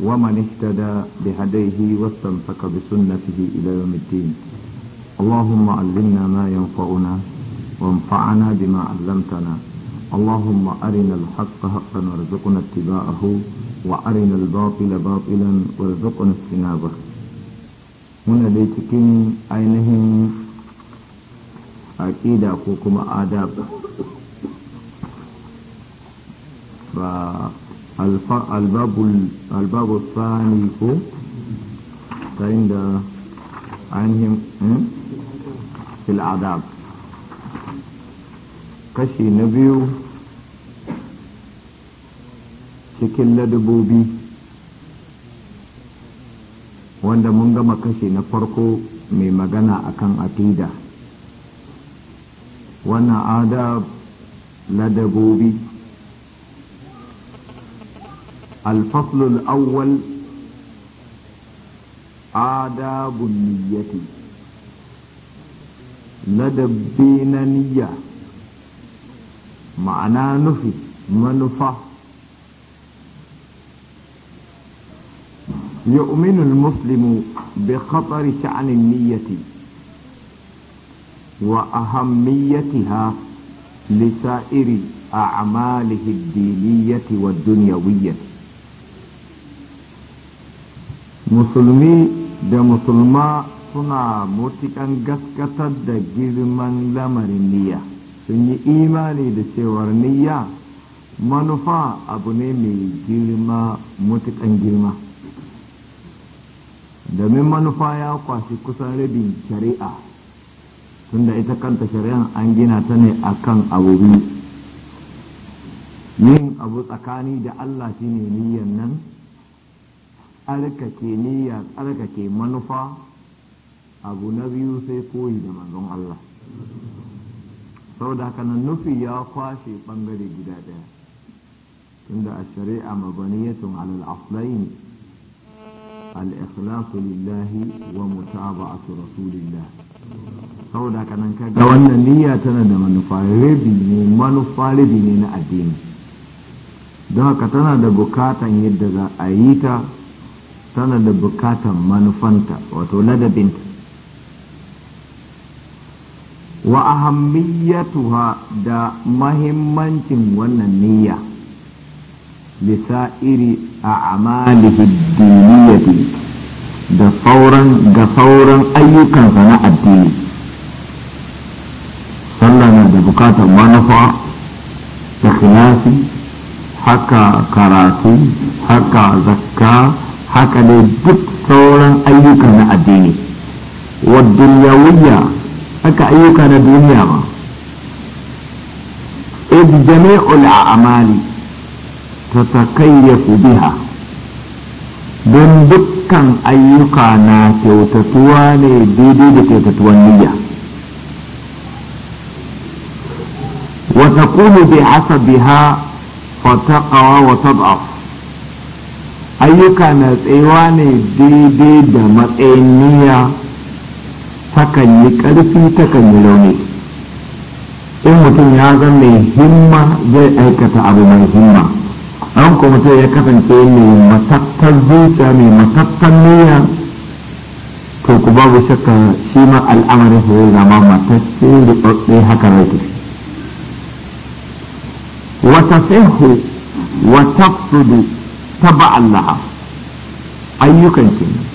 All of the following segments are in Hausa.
ومن اهتدى بهديه واستمسك بسنته إلى يوم الدين اللهم علمنا ما ينفعنا وانفعنا بما علمتنا اللهم أرنا الحق حقا وارزقنا اتباعه وأرنا الباطل باطلا وارزقنا اجتنابه هنا ليتكين أينهم أكيد أكوكما آداب الباب الثاني هو عند عنهم في العذاب kashi na biyu cikin ladabobi wanda mun gama kashi na farko mai magana akan akida wannan adab ladabobi الفصل الأول آداب النية لدبين نية معنى نفي منفى يؤمن المسلم بخطر شأن النية وأهميتها لسائر أعماله الدينية والدنيوية musulmi da musulma suna matuƙan gaskatar da girman lamarin niyya sun yi imani da cewar niyya manufa abu ne mai girma matuƙan girma domin manufa ya kwashi kusan rabin shari'a tunda ita kanta shari'an an gina ta ne akan abu biyu yin abu tsakani da allah shine niyyan nan tsarkake niyya tsarkake manufa abu na biyu sai koyi da manzon Allah saboda haka nan nufi ya kwashe bangare gida daya tunda a shari'a mabaniyatun alal aslain al-ikhlasu lillahi wa mutaba rasulillah saboda haka nan kaga wannan niyya tana da manufa rabi ne manufa rabi ne na addini don haka tana da bukatan yadda za a yi ta tana da bukatan manufanta wato ladabinta wa ahammiyatuha da mahimmancin wannan niyya lisa'iri a amalihi da sauran ga sauran ayyukansa na addini Sallar da bukatar manufa da haka karatu haka zakka haka ne duk sauran ayyuka na addini wa dunyawiyya haka ayyuka na duniya ma id jami'ul a'mali tatakayyafu biha don dukkan ayyuka na kyautatuwa ne daidai da kyautatuwan niyya وتقوم بحسبها فتقوى وتضعف ayyuka na tsewa ne daidai da matsayin niyya takan yi ƙarfi takan yi launi in mutum ya zan mai himma zai aikata abu mai himma an kuma mutum ya kasance mai matattar zuciya mai matattar niyya to ku babu shakka shi ma al'amarin su zai zama matacce da tsotse haka zai tafi wata wata fudu taba Allah ayyukan kenan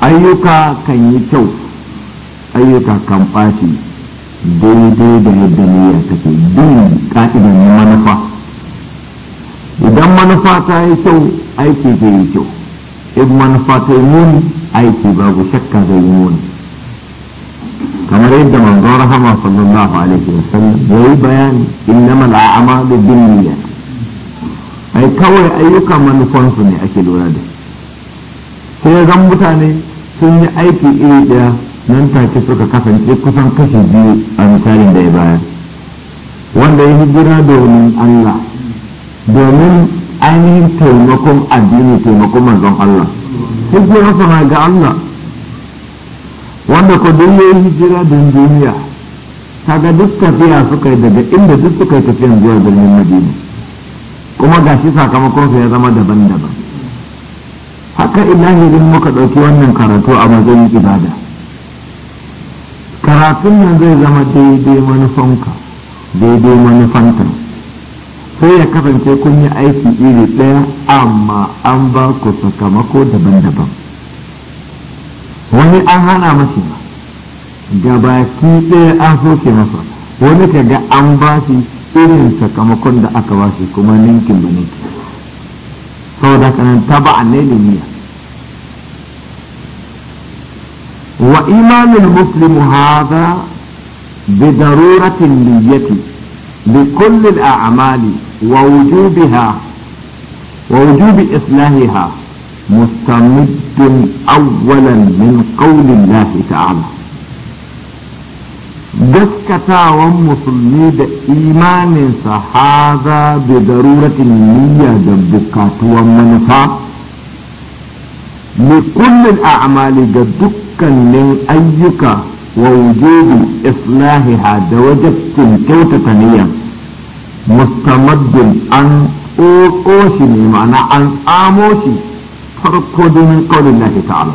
ayyuka kan yi kyau ayyuka kan ɓaci daidai da yadda niyya take bin ka'idar manufa idan manufa ta yi kyau aiki zai yi kyau in manufa ta yi muni aiki babu shakka zai yi muni kamar yadda manzo rahama sallallahu alaihi wasallam ya bayani innamal a'malu bin ai kawai ayyuka manufansu ne ake lura da sai zan mutane sun yi aiki iri daya nan take suka kasance kusan kashi biyu a misalin da ya baya. wanda ya hijira domin Allah domin ainihin taimakon addini taimakon manzon Allah hijira sama ga Allah wanda ko duk ya hijira don duniya kaga duk tafiya suka yi daga inda duk suka yi tafiyan zuwa birnin Madina kuma ga gashi sakamakonsa ya zama daban-daban haka ilahirin muka ɗauki wannan karatu a matsayin ibada karatun nan zai zama daidai manufanka daidai manufanta sai ya kasance kun yi aiki iri ɗaya amma an ba ku sakamako daban-daban wani an hana mashi gabaki ɗaya an soke masa wani ka ga an ba shi irin sakamakon da aka ba shi kuma ninkin da ninkin saboda haka nan taba ne niyya wa imanul muslim hadha bi daruratin niyyati bi kulli al-a'mali wa wujubiha wa wujubi islahiha mustamiddun awwalan min qawli Allah ta'ala gaskatawan musulmi da imaninsa haza da daruratin niyya da bukatuwan manufa likullin a'amali ga dukkanin ayyuka wa wujudu islahiha da wajabtin kyautata niyya mustamaddin an tsotso shi ne ma'ana an tsamo shi farko domin kawai lahi ta'ala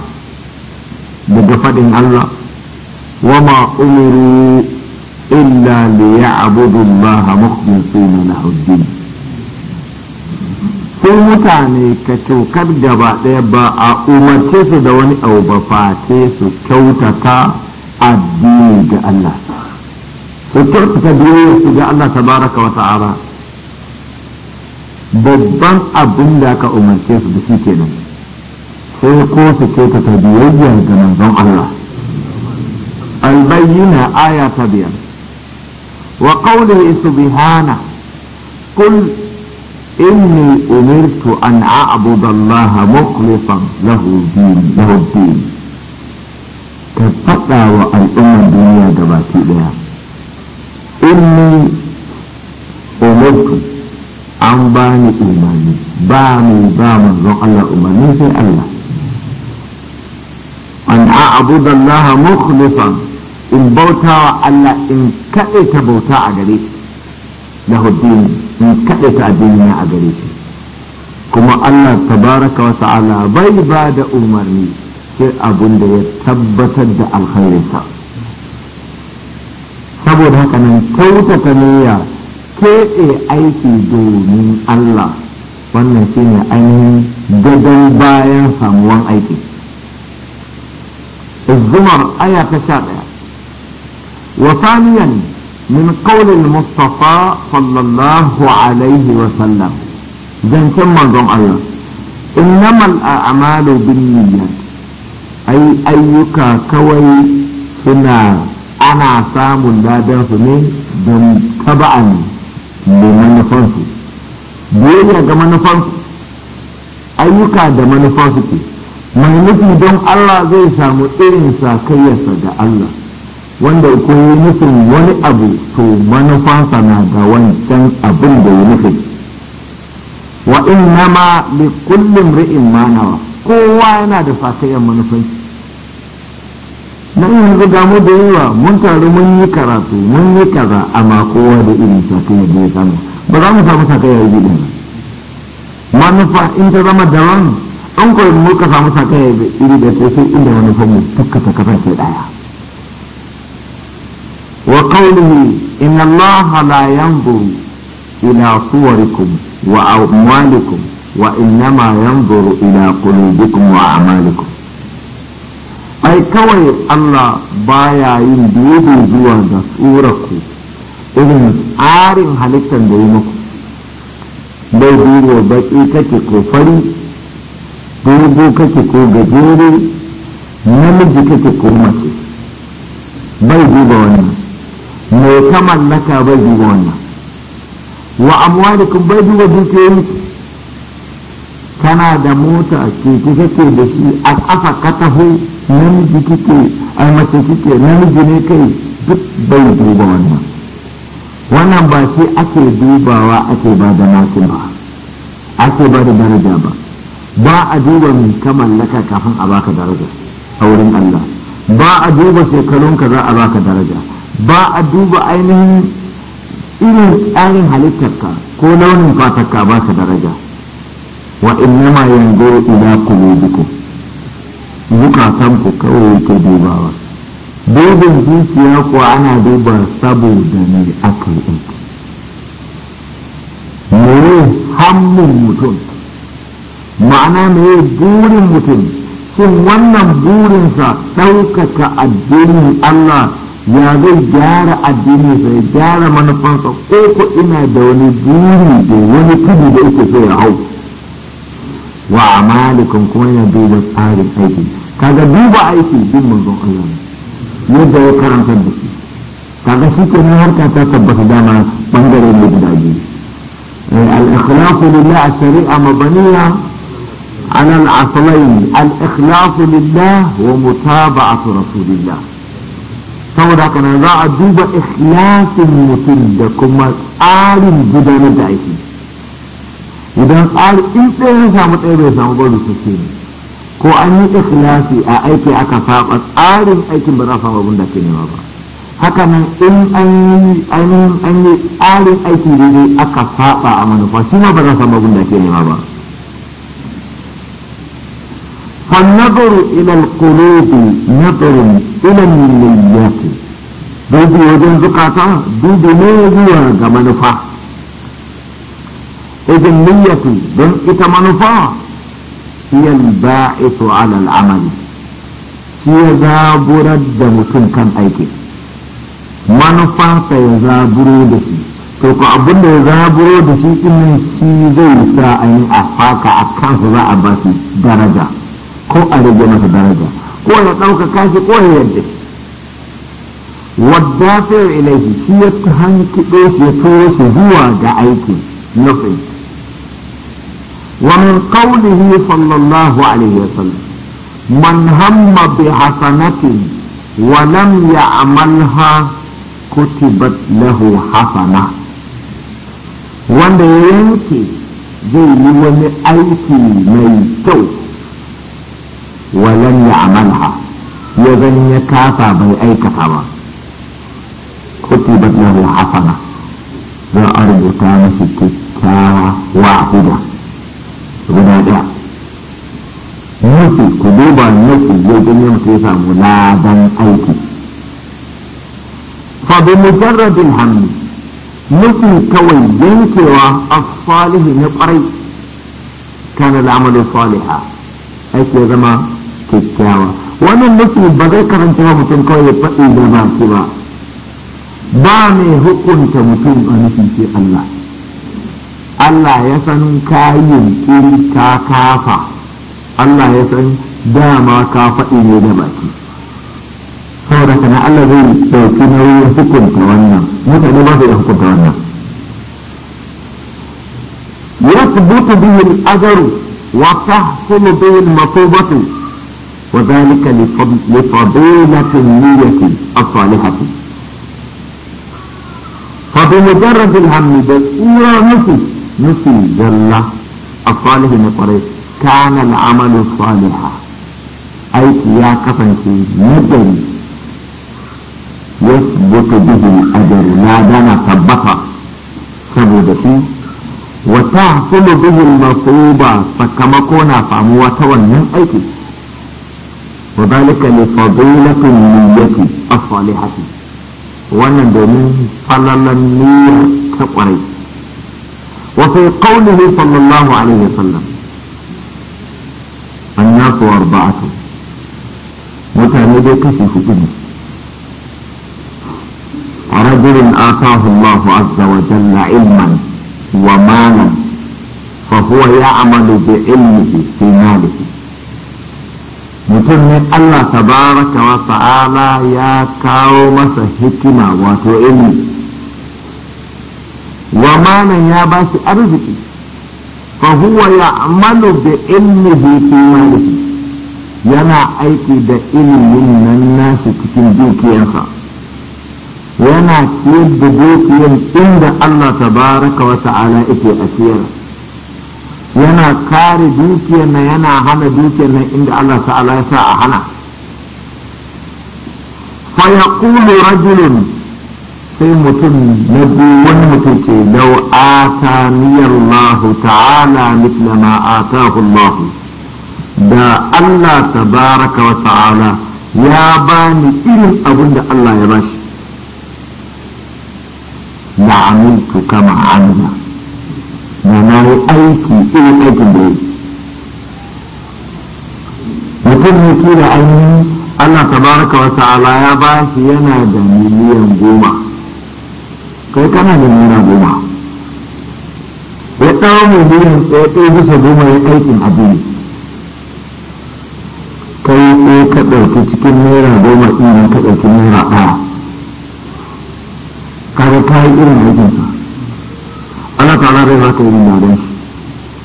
daga faɗin Allah وما أمروا إلا ليعبدوا الله مخلصين له الدين sai mutane ka cokar ba ɗaya ba a umarce su da wani abu ba face su kyautata addini ga Allah su kyautata biyayya su ga Allah ta baraka wa ta'ala babban abin da aka umarce su da shi kenan sai ko su kyautata biyayya ga manzon Allah walba yin na aya ta biyan waƙar da isa bihana kun ilimi da marta ana abu da allah ma kun fi fahimtar na wa al'ummar duniya da baki ɗaya ilimi da marta an bani imanin ba ni ba ma zo aya umarni sai allah ana abu da allah ma kun in bautawa Allah in kaɗaita bauta a gare shi na huddini in kaɗaita addini a gare shi kuma Allah tabaraka wa ta'ala bai ba da umarni sai abin da ya tabbatar da alkhairinsa saboda haka nan kyautata niyya keɓe aiki domin Allah wannan shine ainihin gadon bayan samuwan aiki. Zumar aya ta sha ɗaya وثانيا من قول المصطفى صلى الله عليه وسلم زنكم منظم الله إنما الأعمال بالنيات أي أيك كوي سنا أنا سام لا دنسني دم تبعا لمن فنسي بيئة كمن فنسي أيك دمن فنسي mai nufi don Allah zai samu irin sakayyarsa الله wanda ko yi nufin wani abu to manufansa na ga wancan abin da ya nufi wa inna ma li kullum ri'in manawa kowa yana da fatayen manufai na yanzu ga mu da yawa mun taru mun yi karatu mun yi kaza amma kowa da irin fatayen da ya samu ba za mu samu yi ba manufa in ta zama daban an koyi muka samu yi iri da sai inda manufan mu tukka ta ke daya وقوله إن الله لا ينظر إلى صوركم وأموالكم وإنما ينظر إلى قلوبكم وأعمالكم ai kawai Allah baya yin dubi zuwa ga tsurarku irin tsarin halittar da yi muku bai duba baki kake ko fari dogo kake ko gajere namiji kake ko mace bai duba wani. mai ta mallaka bai duba wannan wa amwalikum bai duba dukiyoyin kana da mota ke ke da shi a kafa ka taho namiji kike a mace kike namiji ne kai duk bai duba wannan wannan ba shi ake dubawa ake ba da nasu ba ake ba da daraja ba ba a duba mai ka mallaka kafin a baka daraja a wurin Allah ba a duba shekarunka za a baka daraja ba a duba ainihin irin tsarin halittarka ko launin fatarka ba ka daraja wa innama yanzu ila kulubikum zukatanku kawai yake dubawa dubin zuciya ko ana duba saboda ne aka yi mai hannun mutum ma'ana mai burin mutum shin wannan burinsa ɗaukaka addinin Allah ya zai gyara addini zai gyara manufansa ko ko ina da wani buri da wani kudu da yake so ya hau wa amalikum kuma yana duba tsarin aiki kaga duba aiki bin manzon Allah ne yadda ya karanta da shi kaga shi ke nan harka ta tabbata dama bangare ne guda biyu eh, al-ikhlasu wa Mutaba mabaniya على العصلين الإخلاص لله ومتابعة رسول الله saboda haka nan za a duba ikhlasin mutum da kuma tsarin gudanar da aiki idan tsari in ɗaya ya samu tsaye bai samu ba rusuke ne ko an yi ikhlasi a aiki aka saba tsarin aikin ba za a samu abin da ke nema ba haka nan in an yi tsarin aiki daidai aka saba a manufa shi ma ba za a samu abin da ke nema ba فالنظر إلى القلوب نظر إلى النيات dubi wajen zukata dubi ne zuwa ga manufa idan niyyatu don ita manufa hiya al-ba'ithu 'ala shi ya zaburar da mutum kan aiki manufa ta ya zaburo da shi to ko abin ya zaburo da shi ɗin zai sa ainihin a faka a kansa za a ba shi daraja ko a rage masa daraja ko ya ɗaukaka shi ko ya yadda wadda fiye ilaihi shi ya ta hankiɗo shi ya turo shi zuwa ga aiki nufin ومن قوله صلى الله عليه وسلم من هم بحسنة ولم يعملها كتبت له حسنة wanda ya yanke zai yi wani aiki mai kyau walan ya amalha ya zan ya kafa bai aikata ba kutibat lahu hasana za a rubuta mashi kyakkyawa wahida guda ɗaya nufi ku duba nufi ya ganye mutu ya samu ladan aiki fa bi mujarradin hamdi nufi kawai yankewa a salihi na kwarai kana da amalu saliha aiki ya zama kyakkyawa wannan nufi ba zai karanta wa mutum kawai ya faɗi da baki ba ba mai hukunta mutum a nufin ce Allah Allah ya san kayan kiri ta kafa Allah ya san dama ka faɗi ne da baki saboda kana Allah zai ɗauki nauyin hukunta wannan mutane ba su da hukunta wannan يثبت به الأجر وتحصل به المطوبة وذلك لفضيلة النية الصالحة فبمجرد الهم بالإيرا نسي نسي جل الصالح نقري كان العمل صالحا أي يا كفن في نجري يثبت به الأجر لا دانا ثبتا سبب فيه وتحصل به المصيبة فكما كنا توا من أيكي وذلك لفضيلة النية الصالحة وأن دومين صلى النور كقري وفي قوله صلى الله عليه وسلم الناس أربعة متعمد في فتن رجل آتاه الله عز وجل علما ومالا فهو يعمل بعلمه في ماله mutum ne Allah tabaraka wa ta'ala ya kawo masa hikima wato ilmi wa ya ba shi arziki fa huwa da bi ilmihi fi malihi yana aiki da ilimin nan nashi cikin dukiyarsa yana ciyar da dukiyar inda Allah tabaraka wa ta'ala yake a ciyar yana kare dukiyar na yana hana dukiyar na inda Allah ta'ala ya sa a hana fa yaqulu rajulun sai mutum na biyu wani mutum ce lau ataniyar Allahu ta'ala mitla ma atahu Allah da Allah tabaraka wa ta'ala ya bani irin abin da Allah ya bashi la'amiltu kama amila na yi aiki irin aikin da yi mutum ne shi da ainihin Allah tabaraka wa ta'ala ya ba shi yana da miliyan goma kai kana da miliyan goma ya ɗawo miliyan ɗaya ɗaya bisa goma ya aikin abin kai sai ka ɗauki cikin naira goma ɗin ka ɗauki naira ɗaya kaga ka yi irin aikinsa ta'ala zai baka irin ladan shi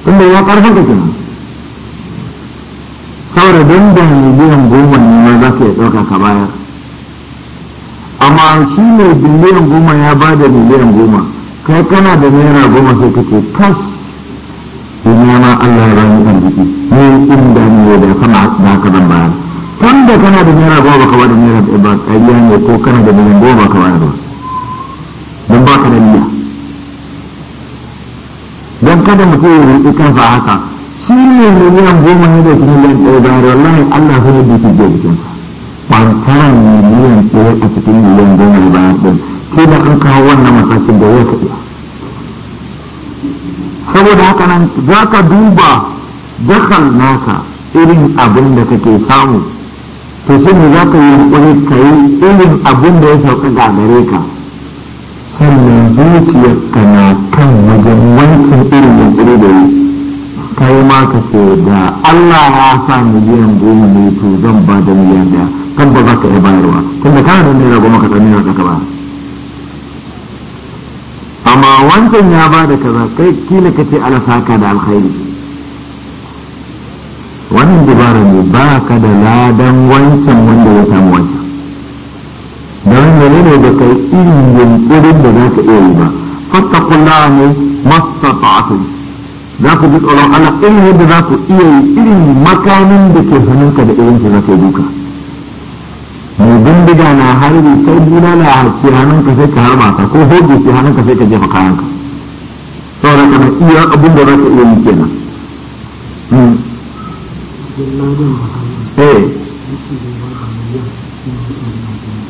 tunda ya karfin ka kenan saboda don da miliyan goma ne ma za ka iya ɗauka ka bayar amma shi ne biliyan goma ya ba da biliyan goma kai kana da naira goma sai kake kas duniya ma Allah ya bani jiki, ne inda ne da sama da haka zan bayar kan da kana da naira goma baka ba da naira ba ƙarya ne ko kana da miliyan goma baka bayar ba don baka da niyya don kada mutum ya ita fa haka shi ne an goma ne da cikin miliyan ɗaya da wallahi Allah sun yi biki je jikinsa ne miliyan ɗaya a cikin miliyan goma da bayan ɗin sai da an kawo wannan matakin da ya kaɗa saboda haka nan za ka duba dakal naka irin abin da kake samu to shi ne za ka yi wani ka yi irin abin da ya sauƙaƙa gare ka sannan zuciyar ka na kan wajen wancan irin yankuri da yi kai ma ka ce da Allah ya sa miliyan goma ne to zan ba da miliyan daya kan ba za ka iya bayarwa tunda kana da naira goma ka ɗan naira ka ba amma wancan ya ba da kaza kai kila ka ce ala saka da alkhairi wannan dubara ne ba ka da ladan wancan wanda ya samu wancan don mene ne da kai irin yankurin da za ka iya yi ba fattakulla ne mastata'atun za ku ji tsoron Allah irin yadda za ku iya yi irin makamin da ke hannunka da irin shi za ka yi duka mai bindiga na harbi sai juna na harfi hannunka sai ka harba ka ko hoji shi hannunka sai ka jefa kayanka saboda kana iya abin da za ka iya yi kenan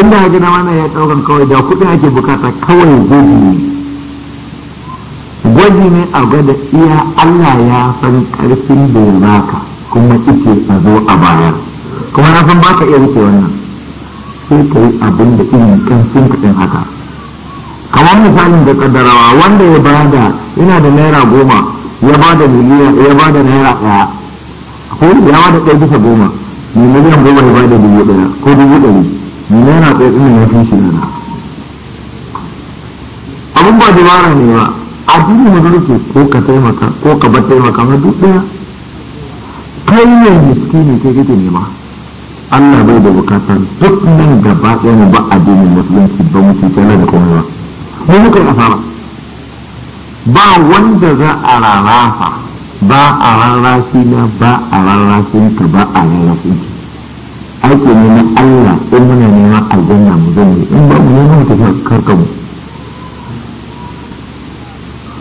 inda haji na wannan ya ɗaukan kawai da kuɗin ake bukata kawai gwaji ne gwaji ne a gwada iya Allah ya san ƙarfin da ya baka kuma ike a zo a baya. kuma na san baka iya wuce wannan sai ka yi abin da irin ƙarfin kuɗin haka kamar misalin da kaddarawa wanda ya bada yana da naira goma ya bada miliyan ya bada naira ɗaya ko ya bada ɗaya bisa goma miliyan goma ya bada dubu ɗaya ko dubu ɗari nuna tsotsin ya fi shi nuna abin ba dabara ne ba a addini mazarki ko ka taimaka ko ka bar taimaka ma duk daya kai ne miskini kai kake nema Allah bai da bukatar duk nan gaba ɗaya mu ba addinin musulunci ba mu ci tana da komai ba mu muka kasara ba wanda za a rarrafa ba a rarrashi na ba a rarrashin ka ba a rarrashin ki aiki ne na Allah in muna neman aljanna mu zanne in ba mu neman tafiya karkan mu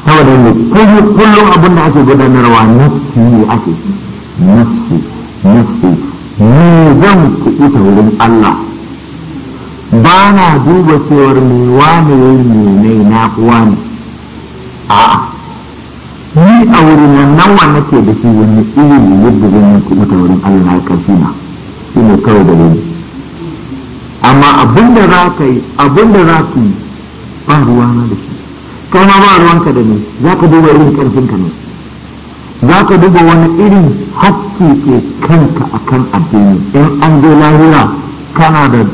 saboda ne kullum abin da ake gudanarwa nafsi ne ake nafsi nafsi ni zan kuɓuta wurin Allah ba na duba cewar me wani ya yi mene na kuwa ne a'a ni a wurin nan nawa nake da shi wani ilimi yadda zan yi kuɓuta wurin Allah na karfi na shi ne kawai ne amma abin da za ka yi abin da za ka yi ba ruwana da shi kama ba ruwanka da ni za ka duba irin ka ne za ka duba wani irin hakki ke kanka a kan addini in an zo lahira kana da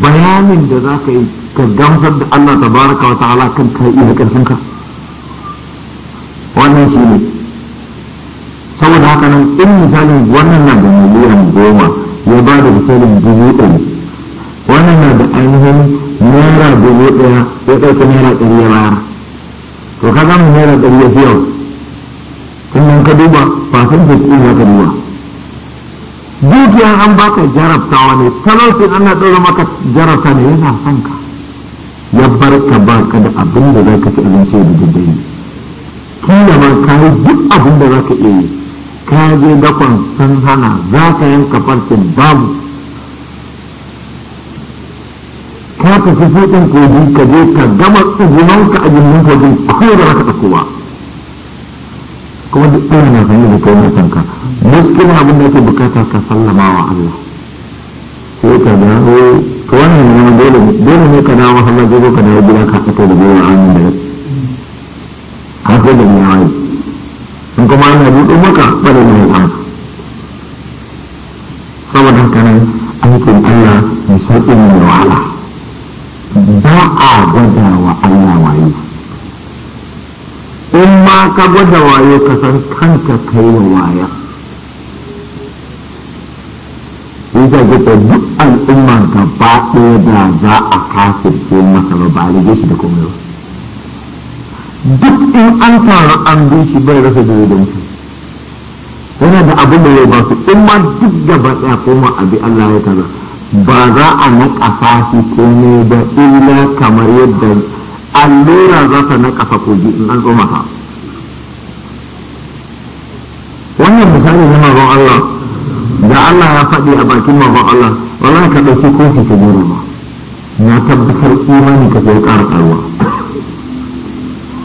bayanin da za ka yi ka gamsar da Allah ta baraka wata ala kan ka iya ka? wannan shi ne saboda haka nan in misalin wannan na da miliyan goma ya ba da misalin dubu ɗari wannan na da ainihin naira dubu ɗaya ya ɗauki naira ɗari ya bayar to ka zama naira ɗari ya fi yau kuma ka duba fasin da su za ka duba dukiya an baka jarabtawa ne talaucin ana ɗora maka jarabta ne yana son ka ya bar ka ba ka da abin da za ka ci abinci da daddare kila ma ka yi duk abin da za ka iya yi ka je dakon sun hana za ka yanka farcin babu ka tafi sokin kogi ka je ka gama ka a jirgin kogin ko da raka ɗauko ba kuma duk ɗaya na sanye da kai na ka muskin abin da ke bukata ka sallama wa Allah sai ka dawo ka wani ne dole dole ne ka dawo Allah zai zo ka dawo gida ka fito da a an da haka da ne in kuma ana buɗe maka bada mai an saboda haka aikin Allah mai sauƙi ne mai wahala ba a gwada wa Allah wayo in ma ka gwada wayo ka san kanka kai wa waya yasa gita duk al'umma gaba ɗaya da za a kafirce masa ba ba a rige shi da komai ba duk in an taru an bi shi bai rasa dalilanci yana da abin da ya ba su in ma duk gaba ɗaya koma bi Allah ya kaza ba za a naƙasa shi ne da illa kamar yadda allura za ta naƙasa kogi in an tsoma wannan misali na mazan Allah da Allah ya faɗi a bakin mazan Allah wala ka ɗauki kofi ka gero ba na tabbatar imani ka sai ƙara ƙaruwa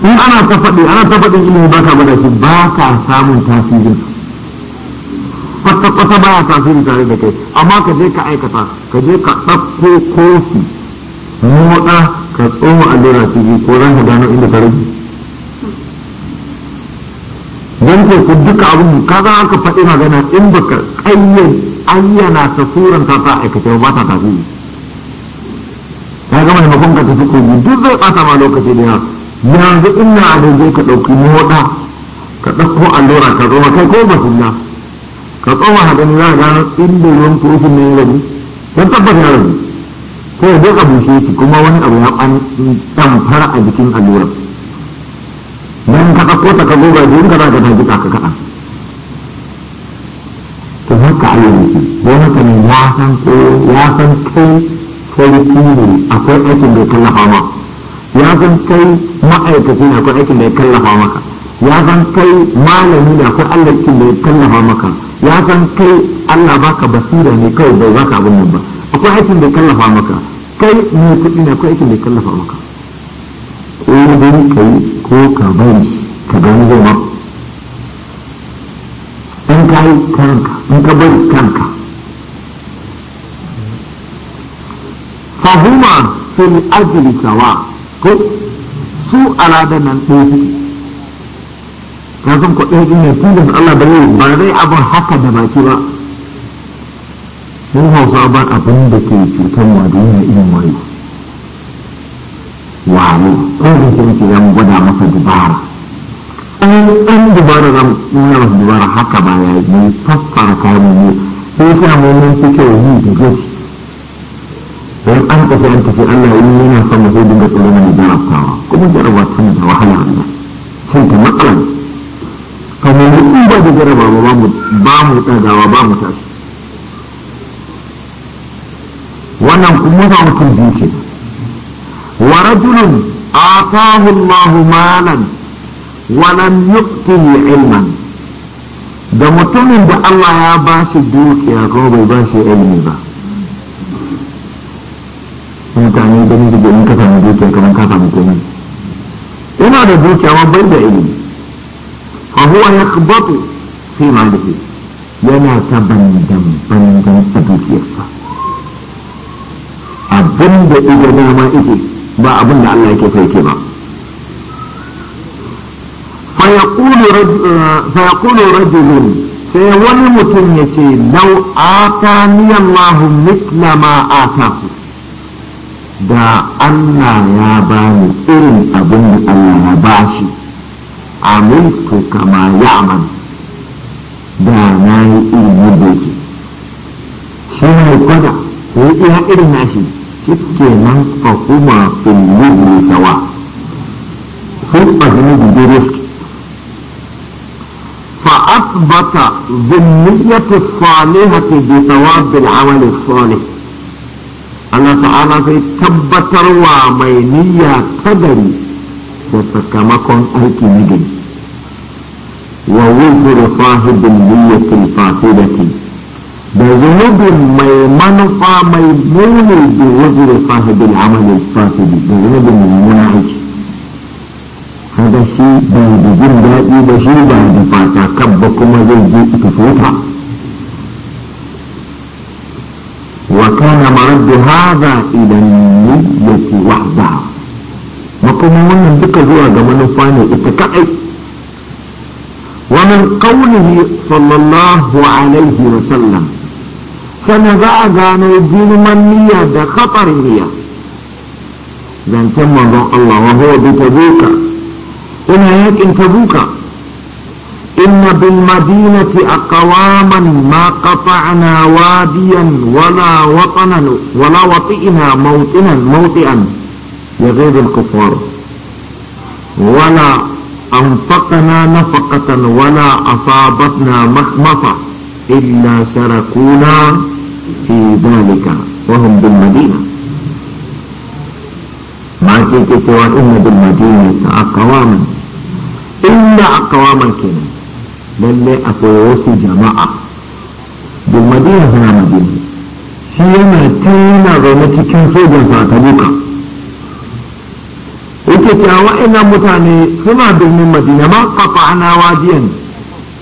in ana ta faɗi ana ta faɗin ilimi ba ka bada shi ba ka samun tasirin kwata-kwata ba ya tasiri tare da kai amma ka je ka aikata ka je ka ɗauko kofi motsa ka tsoma lera ciki ko zan ka gano inda ka rage don ke ku duka abin ka za ka faɗi magana in ba ka ayyana ta suranta ta aikata ba ta tasiri ta gama maimakon ka tafi kogi duk zai ɓata ma lokaci da yawa yanzu ina abin zai ka ɗauki moɗa ka ɗauko allura ka zo kai ko basulla ka tsoma hadin za ga inda ruwan kofin ne rabu don tabbata ya rabu ko ya duk abu shi kuma wani abu ya ɓan tamfara a jikin allura don ka ɗauko ta ka goga jikin ka zaka ka tafi ka kaɗa to haka ayyuki don haka ne ya san ko ya san kai sarki ne akwai aikin da ya tallafa ma ya san kai ma'aikaci na akwai aikin da ya kallafa maka ya san kai malami na akwai allakin da ya kallafa maka ya san kai allah baka basira ne kawai bai baka abin nan ba akwai aikin da ya kallafa maka kai mai kuɗi na akwai aikin da ya kallafa maka ko dai kai ko ka bari ka gani zai maka in ka yi kanka in ka bari kanka sai fil ajli shawara ko su alada nan ɗaya suke ka san ku ɗaya ne tilas Allah da zai ba zai abin haka da baki ba mun hausa ba abin da ke cutar ma duniya iya wayo wayo ɗaya da ke zama gwada masa dubara ɗan dubara zan nuna masa dubara haka ba ya yi fassara kayan ne sai sa mun fi kyau yi da gaske don an tafi an tafi Allah yi yana son mutum dinga tsoron mai jarabtawa kuma jaraba tun da wahala Allah sun ta matsalar kamar mu ba da jaraba ba ba mu ɗagawa ba mu tashi wannan kuma za mutum biyu ke wa rajulun آتاه الله مالا ولم يؤته علما da mutumin da Allah ya ba shi dukiya ko bai ba shi ilimi ba mutane ganin su domin ka samu dukiya kamar ka samu komai yana da dukiya ma bai da ilimi fa huwa yakhbatu fi malihi yana ta bandan bandan a dukiyarsa abin da ido dama yake ba abin da Allah yake so ke ba fa yaqulu rajulun sai wani mutum ya ce lau atani Allahu mithla ma ataku da Allah ya bani irin abin da Allah ya bashi amintu kama ya'mal da na yi irin yadda yake shi ne kwada ko iya irin nashi shi ke nan fa kuma fil wujudi sawa sun azumi da risk فأثبت ذنية الصالحة بثواب العمل الصالح Allah ta'ala sai tabbatarwa mai niyya ta da sakamakon aiki na gari wa wuzuru sahibin niyyatin fasidati da zunubin mai manufa mai muni da wuzuru sahibin amalin fasidi da zunubin mummuna aiki hada shi da jin daɗi da shi ba da fata kabba kuma zai je ita fota كان مرد هذا إلى النية وحدها مكما من ذكر هو جمال فاني اتكعي ومن قوله صلى الله عليه وسلم سنزع زان الدين من نية خطر النية زان تم الله وهو بتبوك إن هيك تبوك إن بالمدينة أقواما ما قطعنا واديا ولا وطنا ولا وطئنا موطنا موطئا لغير الكفار ولا أنفقنا نفقة ولا أصابتنا مخمصة إلا شركونا في ذلك وهم بالمدينة ما كنت تقول إن بالمدينة أقواما إلا أقواما كنا lalle akwai wasu jama'a duk madina suna madina shi yana can yana zaune cikin sojan fatanuka. yake cewa mutane suna birnin madina ma kafa ana wajiyan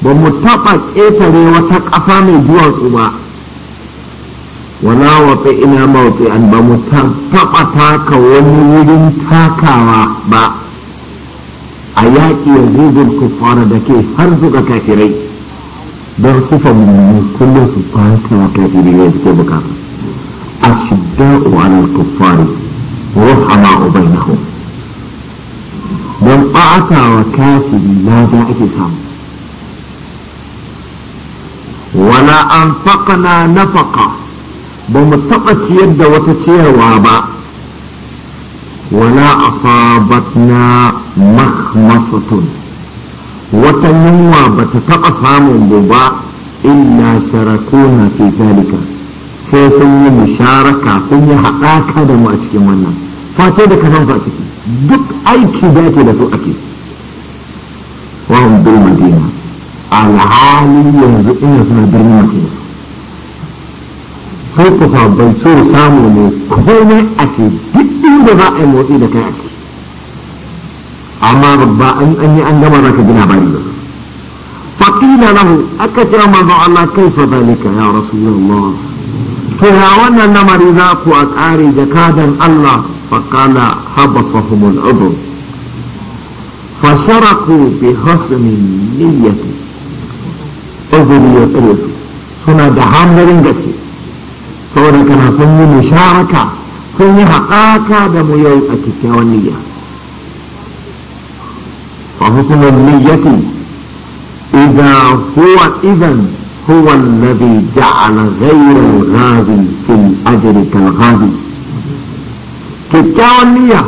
ba mu taɓa ƙetare wata ƙasa mai duwatsu ba wala wafe ina mawuƙi an ba mu taɓa taka wani wurin takawa ba a yaƙi ya zubin kuffara da ke har zuga kafirai don sufa mummuni kullum su fata wa kafirai ne suke bukata a shidda alal kuffari ruhama ubainahu don ɓata wa kafiri na da ake samu wala an na nafaka ba mu taɓa ciyar da wata ciyarwa ba wala asabatna makhmasatun wata yunwa ba ta taɓa samun mu ba illa sharakuna fi zalika sai sun yi musharaka sun yi haɗaka da mu a cikin wannan face da kasansu a ciki duk aiki da yake da su ake wahun yanzu ina suna birnin so samu ne komai ake duk inda za a yi motsi da kai a ciki amma babba an yi an gama za ka ji ba faƙila lahu aka ce manzo Allah kai fa zalika ya rasulullah to ya wannan lamari za ku a ƙare jakadan Allah faƙala habasahumul udhur فشركوا بحسن النية ya يترسوا suna da hamarin gaske saboda kana sun yi musharaka sun yi haƙata da mu yau a kyakkyawan niyya fa hukumar niyyati idza huwa idan huwa alladhi ja'ala ghayra al-ghazi fil ajri kal ghazi kyakkyawan niyya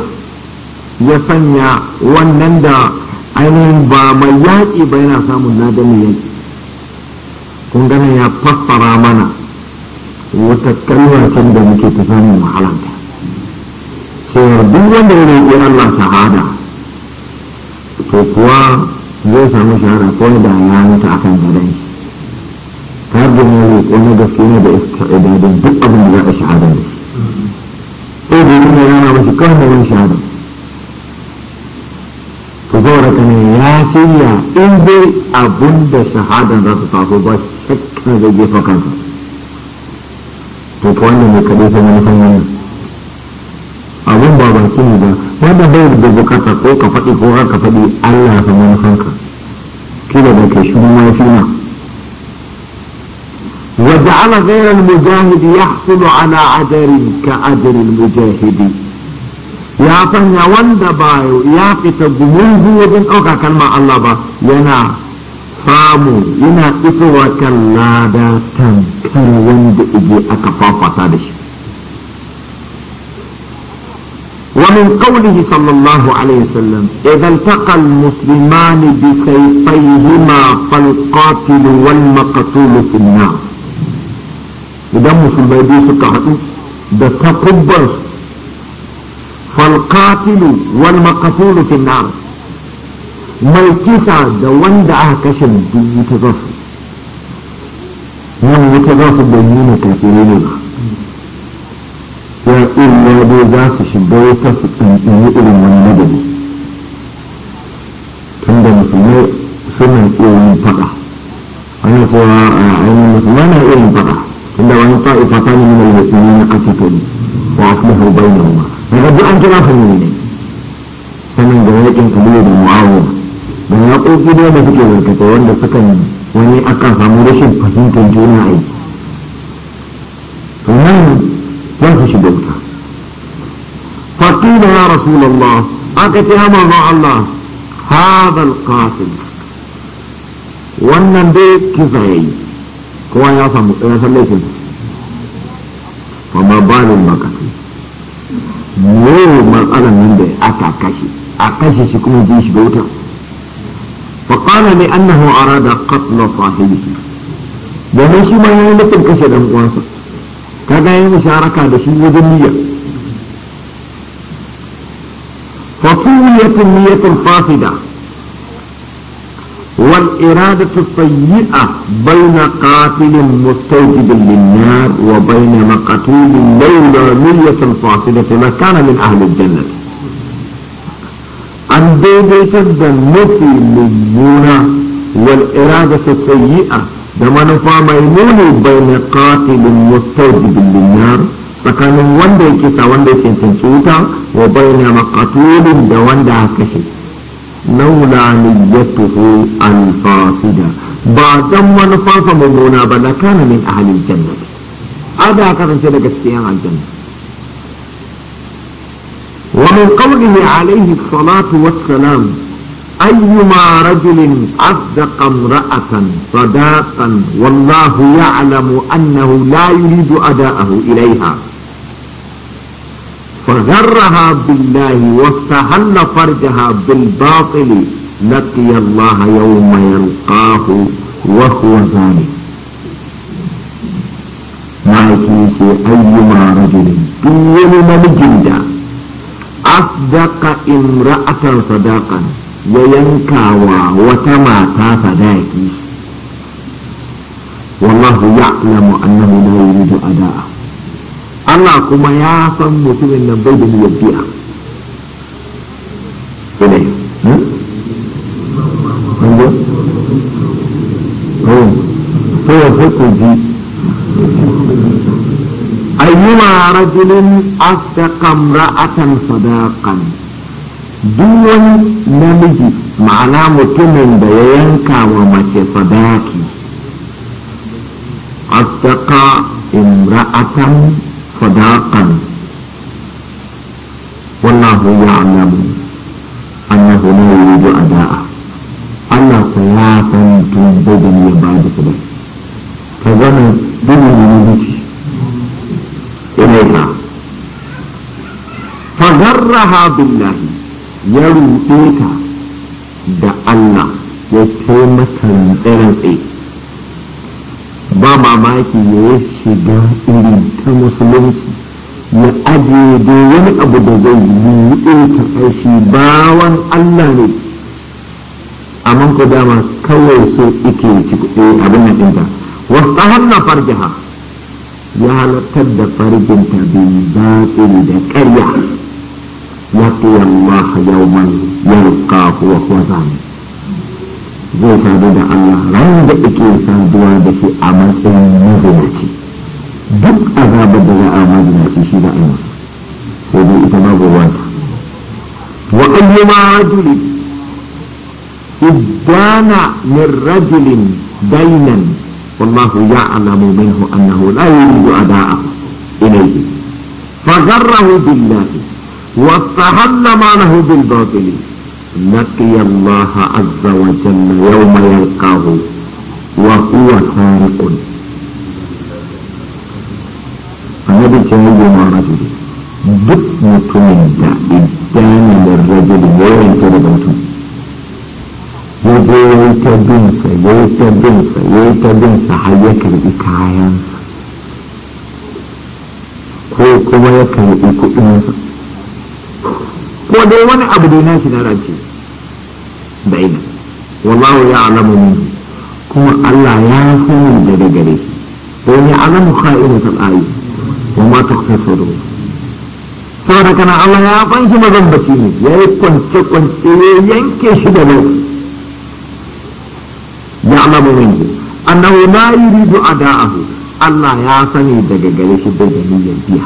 ya sanya wannan da ainihin ba mai yaƙi ba yana samun ladan yaƙi kun gane ya fassara mana wata kalmar can da muke ta samun wahalanta sai duk wanda ya roƙi Allah shahada to kuwa zai samu shahada ko da ya mutu akan gadon shi ta gina roƙo na gaske ne da istidadin duk abin da za a shahada da shi ko da yi ne yana mashi kawai da wani shahada ku zaura ka ne ya shirya in dai abin da shahadan za su taso ba shakka zai jefa kansa to kuwa wanda mai kaɗai sai manufan wannan abun ba baki ne ba wanda bai da bukata ko ka faɗi ko ka faɗi Allah ya samu nufanka kila da ke shi ma fi na mujahidi غير المجاهد يحصل ka أجر كأجر mujahidi ya sanya wanda ba ya fita gumin wajen ɗauka kalma Allah ba yana samu yana isowa kan lada tamkar wanda ije aka fafata da shi ومن قوله صلى الله عليه وسلم إذا التقى المسلمان بسيفيهما فالقاتل والمقتول في النار إذا مسلم بي سكهتوا ده فالقاتل والمقتول في النار ما kisa da wanda aka kashe duk wuta za su nan ya illa dai za su shiga wata su ɗanɗanyi irin wani nagari tun da musulmai suna iya faɗa ana cewa a ainihin musulmai na iya faɗa tun da wani ta'ifa ta ne mai musulmi na afirkani wa aslihu bainahuma daga duk an kira su ne sanin da yaƙin kabilu da mu'awiya da yaƙoƙi dai da suke zarkata wanda sukan wani aka samu rashin fahimtar juna aiki su ya rasulallah aka ce Allah hadal qatil wannan dai kisa yayi kowa ya samu ya san laifin amma balin makatu ne matsalan nan da aka kashe a kashe shi kuma ji annahu arada sahibihi shi ma ya yi nufin kashe dan uwansa kaga yi musharaka da shi wajen niyya fasuliyatun niyyatun fasida والإرادة السيئة بين قاتل مستوجب للنار وبين مقتول لولا نية فاسدة ما كان من أهل الجنة أن ديديت النفي للمنى والإرادة السيئة da manufa mai muni bai na katilin mustajibin linyar tsakanin wanda ya kisa wanda ya cancanci wuta wa bai na makatulin da wanda ya kashe laula niyyatuhu alfasida ba dan manufansa mummuna ba na kana min ahlil jannati ada kasance daga cikin yan aljanna ومن قوله عليه الصلاة والسلام ayyuma rajulin azdaqa mra'atan fadatan wallahu ya'lamu annahu la yuridu ada'ahu ilaiha fagharraha billahi wastahalla farjaha bil batili laqiya Allah yawma yalqahu wa huwa zani Maiki si ayyuma rajulin Tuwani namijinda Asdaka imra'atan sadaqan ya yanka wa wata mata sadaki wallahu ya'lamu annahu la yuridu ada'a Allah kuma ya san mutumin nan bai da niyyar biya hmm? ilai to ya ku ji ayyuma rajulin asdaqa imra'atan sadaqan duk wani namiji ma'ana mutumin da ya yanka wa mace sadaki asdaka imra'atan sadakan wallahu ya'lamu annahu la yuridu ada'a Allah ku ya san tun da ya ba da kuma ka zama duk wani ce Ka fagarraha billahi ya ruɗe ta da Allah ya taimaka rantsi ba mamaki ya yi shiga iri ta musulunci ya ajiye da wani abu da zai ruɗe ta aishi bawan Allah ne amma ku dama kawai so ike ci kuɗi abin nan ɗinta wasu hannan farjiha ya halartar da farginta bai baƙi da ƙarya يقي الله يوما يلقاه وهو زعيم zai sadu da Allah ran da ake saduwa da shi a matsayin mazinaci duk azabar da za a mazinaci shi za a sai dai ita babu wata wa kullu ma rajuli idana min rajulin dainan wallahu ya'lamu minhu annahu la yuridu ada'a ilayhi fa garrahu billahi واستحل معنه بالباطل لقي الله عز وجل يوم يلقاه وهو سارق النبي صلى الله عليه وسلم duk mutumin da idana da rajin yawance da mutum ya je ya yi ta binsa ya yi ta binsa ya yi ta binsa har ya karbi kayansa ko kuma ya karbi kuɗinsa ko dai wani abu da na shi na rance da ina wallahu ya alamu minhu kuma Allah ya sani daga gare shi don ya alamu kha'inatul ayi wa ma tukhfi sudur saboda kana Allah ya ban shi mazambaci ne ya yi kwance-kwance ya yanke shi da lauki ya alamu minhu annahu la yuridu ada'ahu Allah ya sani daga gare shi da niyyar biya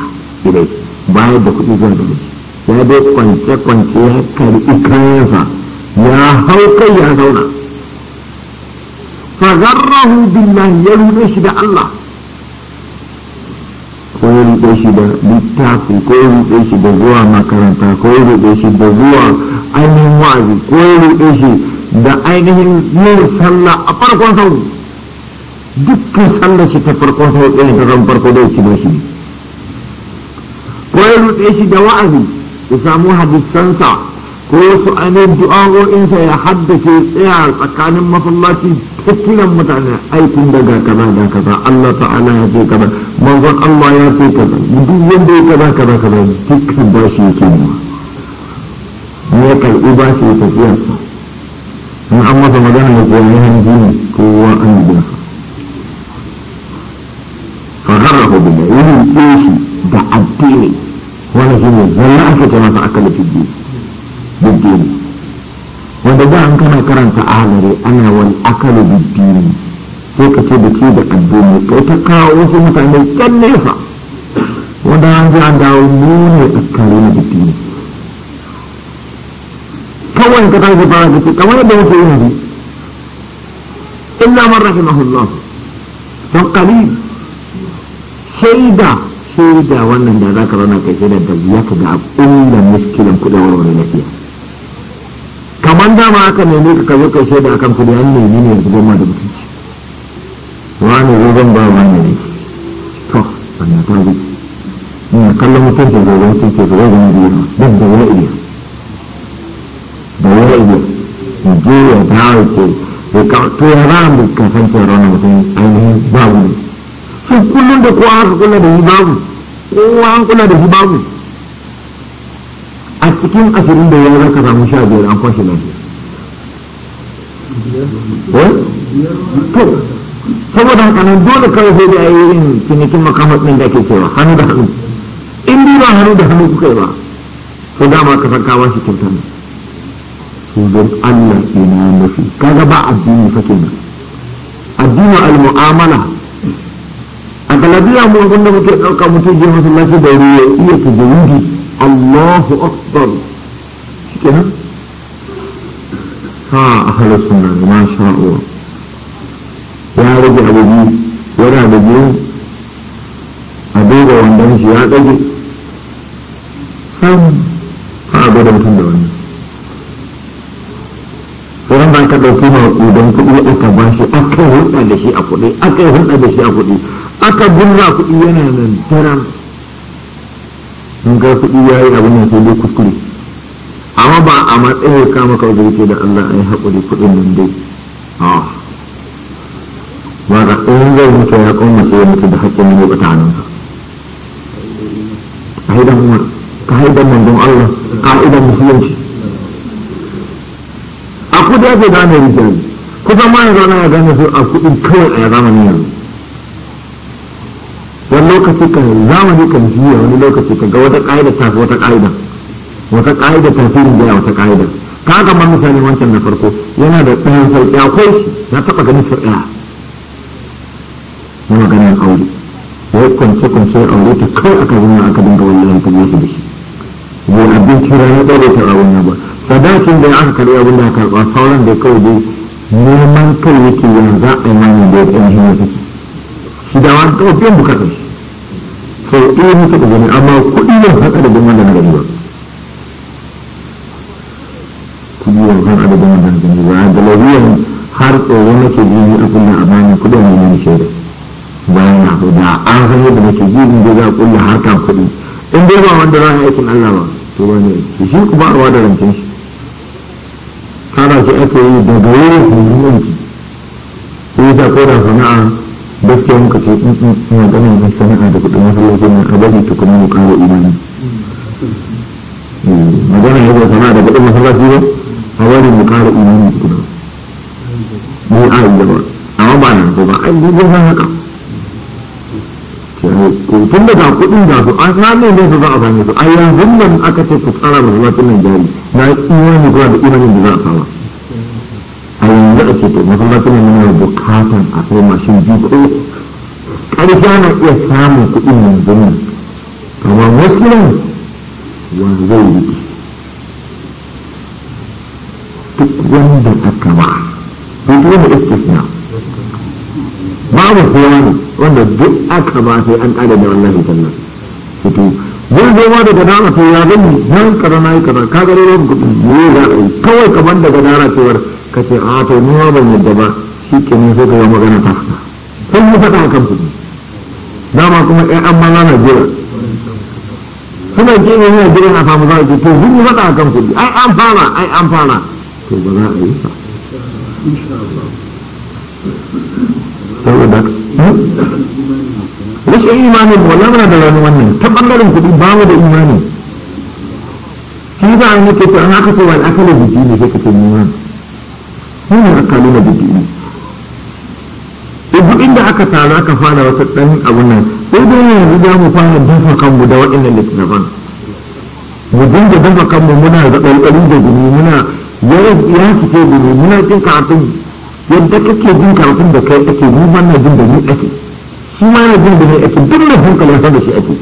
ilai bayar da kuɗi zuwa da shi ya dai kwance-kwance ya karɓi kayansa ya hau kai ya zauna fagarrahu billahi ya lura shi da Allah ko ya ruɗe shi da littafi ko ya ruɗe shi da zuwa makaranta ko ya ruɗe shi da zuwa ainihin wa'azi ko ya ruɗe shi da ainihin yin sallah a farkon sauri dukkan sallar shi ta farkon sau ɗaya ta zan farko da ya ci da shi ko ya ruɗe shi da wa'azi ya samu hadisansa ko wasu ainihin du'a'o'insa ya haddace tsaya tsakanin masallaci tattunan mutane aikin daga kaza da kaza Allah ta'ala ya ce kaza manzon Allah ya ce kaza duk wanda ya kaza kaza kaza dukkan bashi yake ne ya karɓi bashi ya tafiyarsa in an masa magana ya ce ya hanji ne kowa an yi sa fa garrafa billah wani ɗin shi da addini wani shi ne zanna ake ce masa akali fiddi biddini wanda da an kana karanta ahalari ana wani akali biddini sai ka ce da ce da addini kai ta kawo wasu mutane can nesa wanda an ji an dawo nune tsakari na biddini kawai ka tashi fara ka ce kamar da wasu yanzu illa man rahimahullah don kalil shaida da wannan da za ka rana kai sai da ya ka ga abinda da miskilan kuɗin warware lafiya kamar dama aka nemi ka kazo kai da akan kuɗi an nemi ne yanzu goma da mutunci wani ba wani ne to wannan ta zo ina kallon mutunci da zai ce ce zai zama zuwa duk da wani iya da wani iya in je ya dawo ce to ya za mu kasance ranar mutum ainihin babu ne shi kullum da kowa haka kula da hibabu kowa haka kula da hibabu a cikin ashirin da yawon ka samu sha biyar an kwashe lafiya eh? saboda haka nan dole kawai sai da yin cinikin makamar ɗin da ke cewa hannu da hannu in bi ba hannu da hannu kuka yi ba to dama ka san kawo shi kyauta ne to don Allah ke nuna mafi kaga ba addini fa kenan addini al-mu'amala a galabiya mun gunda muke ɗauka mutum je masallaci da ruwa iya ta jawudi Allahu Akbar kenan ha a halar suna ma sha'uwa ya rage abubu yana da biyu a duba wandon shi ya ɗage sam ha a gwada mutum da wani sauran ba ka ɗauki ma idan kuɗi aka ba shi aka hulɗa da shi a kuɗi aka hulɗa da shi a kuɗi aka burra kuɗi yana nan taram in ga kuɗi ya yi abin nan sai dai kuskure amma ba a matsayin kama ka ce da Allah ai haƙuri kuɗin nan dai ah. ba ga in zai mutu ya ƙon sai ya mutu da haƙƙin nan ya ɓata a haidan umar ka haidan manzon Allah ka'idan musulunci a kuɗi ake gane rijali kusan ma yanzu ana gane su a kuɗi kawai a zamanin yanzu wani lokaci ka zamani kan jiya wani lokaci ka ga wata ƙa'ida ta fi wata ƙa'ida wata ƙa'ida ta fi rinjaya wata ƙa'ida ka ga misali wancan na farko yana da ɗan sauƙi akwai shi na taɓa ganin sau ɗaya na maganin aure kwanci kwance ya aure ta kai aka zama aka dinga yanta ne su da shi bai abinci rana ɗaya bai ta wannan ba sadakin da aka karɓi abin da aka karɓa sauran da kawai dai neman kai yake yanzu a yi mani da ya ɗan hiyar shi da wani kawai biyan bukatar shi sau ɗaya ne taɓa gani amma kuɗi ne haka da adadin wanda na gani ba kuɗi ban san adadin wanda na gani ba galariyan har tsoro nake jini a kullum a bani kuɗin ne ne da bayan na da an san yadda nake jini da za a kulle harka kuɗi in dai ba wanda za a yi aikin Allah ba to ba ne aiki shi kuma a wada rancen shi kada shi ake yi daga wurin hulunci sai ta koda sana'a gaskiya muka ce ina ganin mai sana'a da kudin masallaci na a bari tukuna mu karo imani eh, magana ya zai sana'a da kudin masallaci ba a bari mu karo imani tukuna mu a yi gaba amma ba na so ba ai duk zai haka tun da ga kudin da su an samu ne su za a same su a yanzu nan aka ce ku tsara masallacin nan jari na imani kuma da imanin da za a sama aka ce to masallacin nan muna bukatan a sai mashin biyu ko ƙarshe ana iya samun kuɗin yanzu nan amma muskilin wa zai riƙe duk wanda aka ba duk wanda istisna babu sauran wanda duk aka ba sai an ƙara da wannan hitar nan fito zai zo ma daga dama to ya gani nan kaza na yi kaza ka gani wani kuɗi ne za a yi kawai kamar daga dara cewar ka ce a ah, to ni ma ban yadda ba shi ke ne sai ka yi magana ta fita sun yi fata a kan kuɗi dama kuma ƴan an maza na jira suna ke ne yana jira na samu za a ce to sun yi fata a kan kuɗi ai an fara ai an fara to ba za a yi ba saboda rashin imanin wala muna da wani wannan ta ɓangaren kuɗi ba mu da imani shi za a yi ke to an haka ce wani akali jiki ne sai ka ce ni su ne aka nuna bidini duk inda aka taru aka fara wasu ɗan abun nan sai dai yanzu za mu fara dafa kanmu da waɗannan littattafan mu dinga dafa kanmu muna da ƙalƙali da jini muna ya fice gumi muna jin karatun yadda kake jin karatun da kai ake mu ma na jin da ni ake shi ma na jin da ni ake duk da hankali ya da shi ake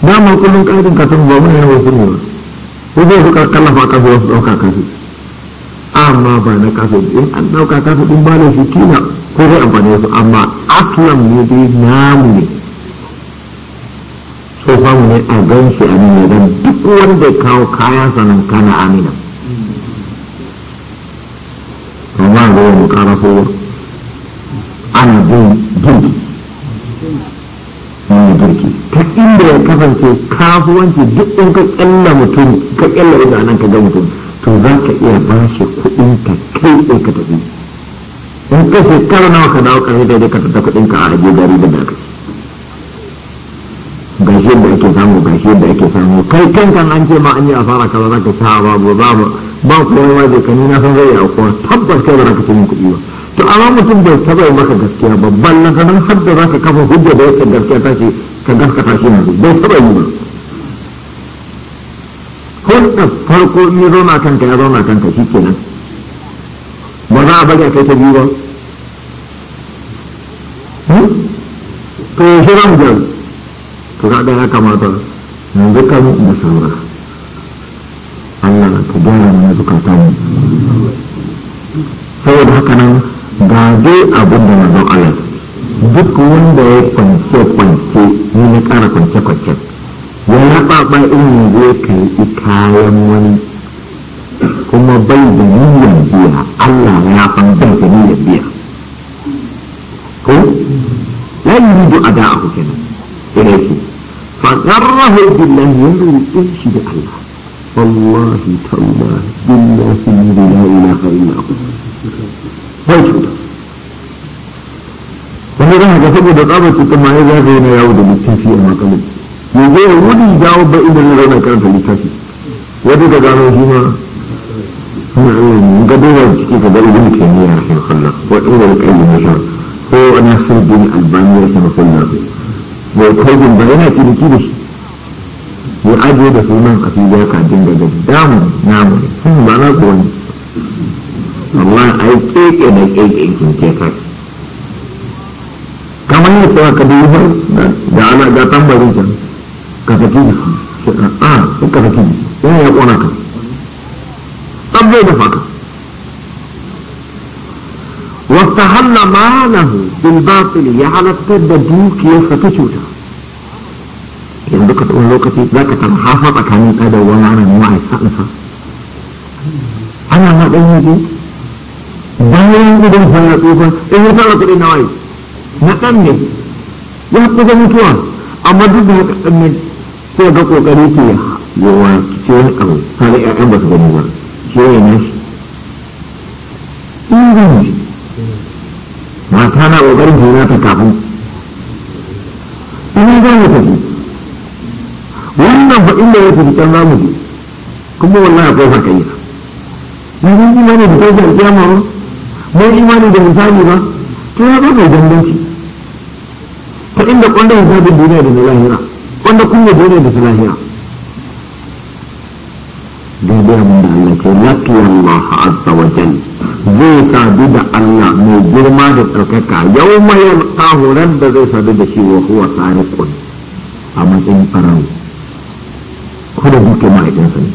dama kullum ƙarin katon ba muna yawan sun ne ba ko zai su kallafa kansu wasu ɗauka kansu amma ba na kafin in an ɗauka kafin ɗin ba ne shi ko zai amfani su amma atlan ne dai namu ne so samu ne a gan shi a nuna don duk wanda ya kawo kaya sanan kana amina amma ga wani kara so ana bin girki ne birki ta inda ya kasance kasuwanci duk in ka kyalla mutum ka kyalla ka ga mutum to za ka iya ba shi kuɗin ka kai ɗaya ka tafi in ka shekara nawa ka dawo ƙarfi daidai ka tafi kuɗin ka a ajiye gari da da ka ga shi yadda ake samu shi yadda ake samu kai kanka an ce ma an yi asara kaza za ka sha babu babu ba kowa ma je ka na san zai aukuwa tabbas kai ba za ka ci min kuɗi ba to amma mutum bai taɓa yi maka gaskiya ba ballan sanar har da za ka kafa hujja da wacce gaskiya ta ce ka gaskata shi yanzu bai taɓa yi ba hulɗa farko in ya zauna kanka ya ma kanka shi kenan ba za a bari a kai ta biyu ba hmm? to ya shi ran jan to kaga ya kamata yanzu kan da saura Allah ka gyara mana zukata mu saboda haka nan ga dai abin da na zo Allah duk wanda ya kwance kwance ni na ƙara kwance kwance Wani laɓaɓa irin zai karɓi kayan wani kuma bai da niyyar biya Allah ya san bai da niyyar biya ko la yuridu ada'ahu kenan ilayhi fa garrahu billahi yanzu in shi da Allah wallahi tallahi billahi la ilaha illa hu bai cuta wani zan haka saboda tsabar cikin ma ya zagaye na yawo da littafi a makalin ya je ya wuri dawo ba inda zai zaune karanta littafi wadda ka gano shi ma ga dole ciki ka ga ya taymiya kalla wadda ibn al-qayyim rahimahullah ko nasiruddin albani rahimahullah wa qayyim ba yana ciniki da shi ya ajiye da sunan a fili ka dinga da damu namun sun ba na ko wani amma ai keke na keke kin ke kai kamar yadda ka duba da ana ga tambarin can kata gini ah kata gini ini yang orang kan tabligh dah fakir wastahalla ma'anahu bil batil ya'ala tibba duk ya sati chuta yang dekat orang lokasi dah kata hafa tak kami ada orang anak mu'ay tak nasa anak ini, dengar ni bangun ni dengan sangat tu pun salah tu ni nak kan ni yang aku jangan tuan amadu dia kata sai ga kokari ke yawa ce wani abu har ƴaƴan ba su gani ba shi ne na shi in zan ji mata na kokarin ta na ta kafin in za mu tafi wannan fa inda ya tafi can za mu je kuma wallahi akwai farkayya mun yi ne da kai da alƙiyama ba mun imani da misali ba to ya ba mai danganci ta inda kwallon hisabin duniya da na lahira wanda kun yi dole da lafiya daidai abin da Allah ce lafi Allah azza wa jal zai sadu da Allah mai girma da tsarkaka yau mayar tahorar da zai sadu da shi wa huwa sariqun a matsayin farau kuma da duke mahaifinsa ne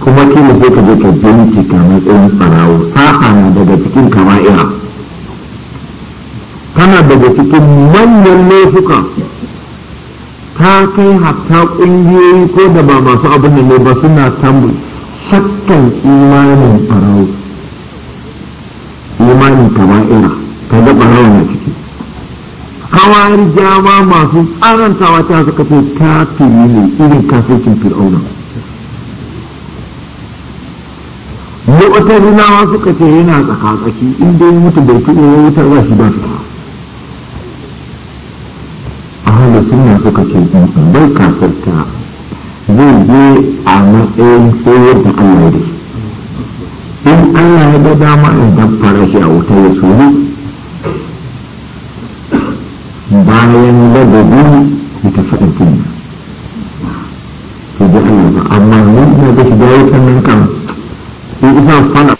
kuma kila sai ka je ka bincika matsayin farawo sa'a na daga cikin kama'ira tana daga cikin manyan laifuka ta kai hatta ƙungiyoyi ko da ba masu abin da ne ba suna tambu shakkan imanin ɓarau imanin kaba'ira ta ga ɓarau na ciki hawari jama masu tsarantawa ta suka ce ta kafiri ne irin kafin fir'auna mu'tazinawa suka ce yana tsaka-tsaki inda ya mutu bai fi ya wutar ba shi ba fita da suna suka ce bai kafirta zai je a matsayin tsayar da Allah da in Allah ya ga dama in dabbara shi a wuta ya suru bayan ladabi ya tafi aljanna to ji Allah amma mun da shi da wutan nan kan in isa sana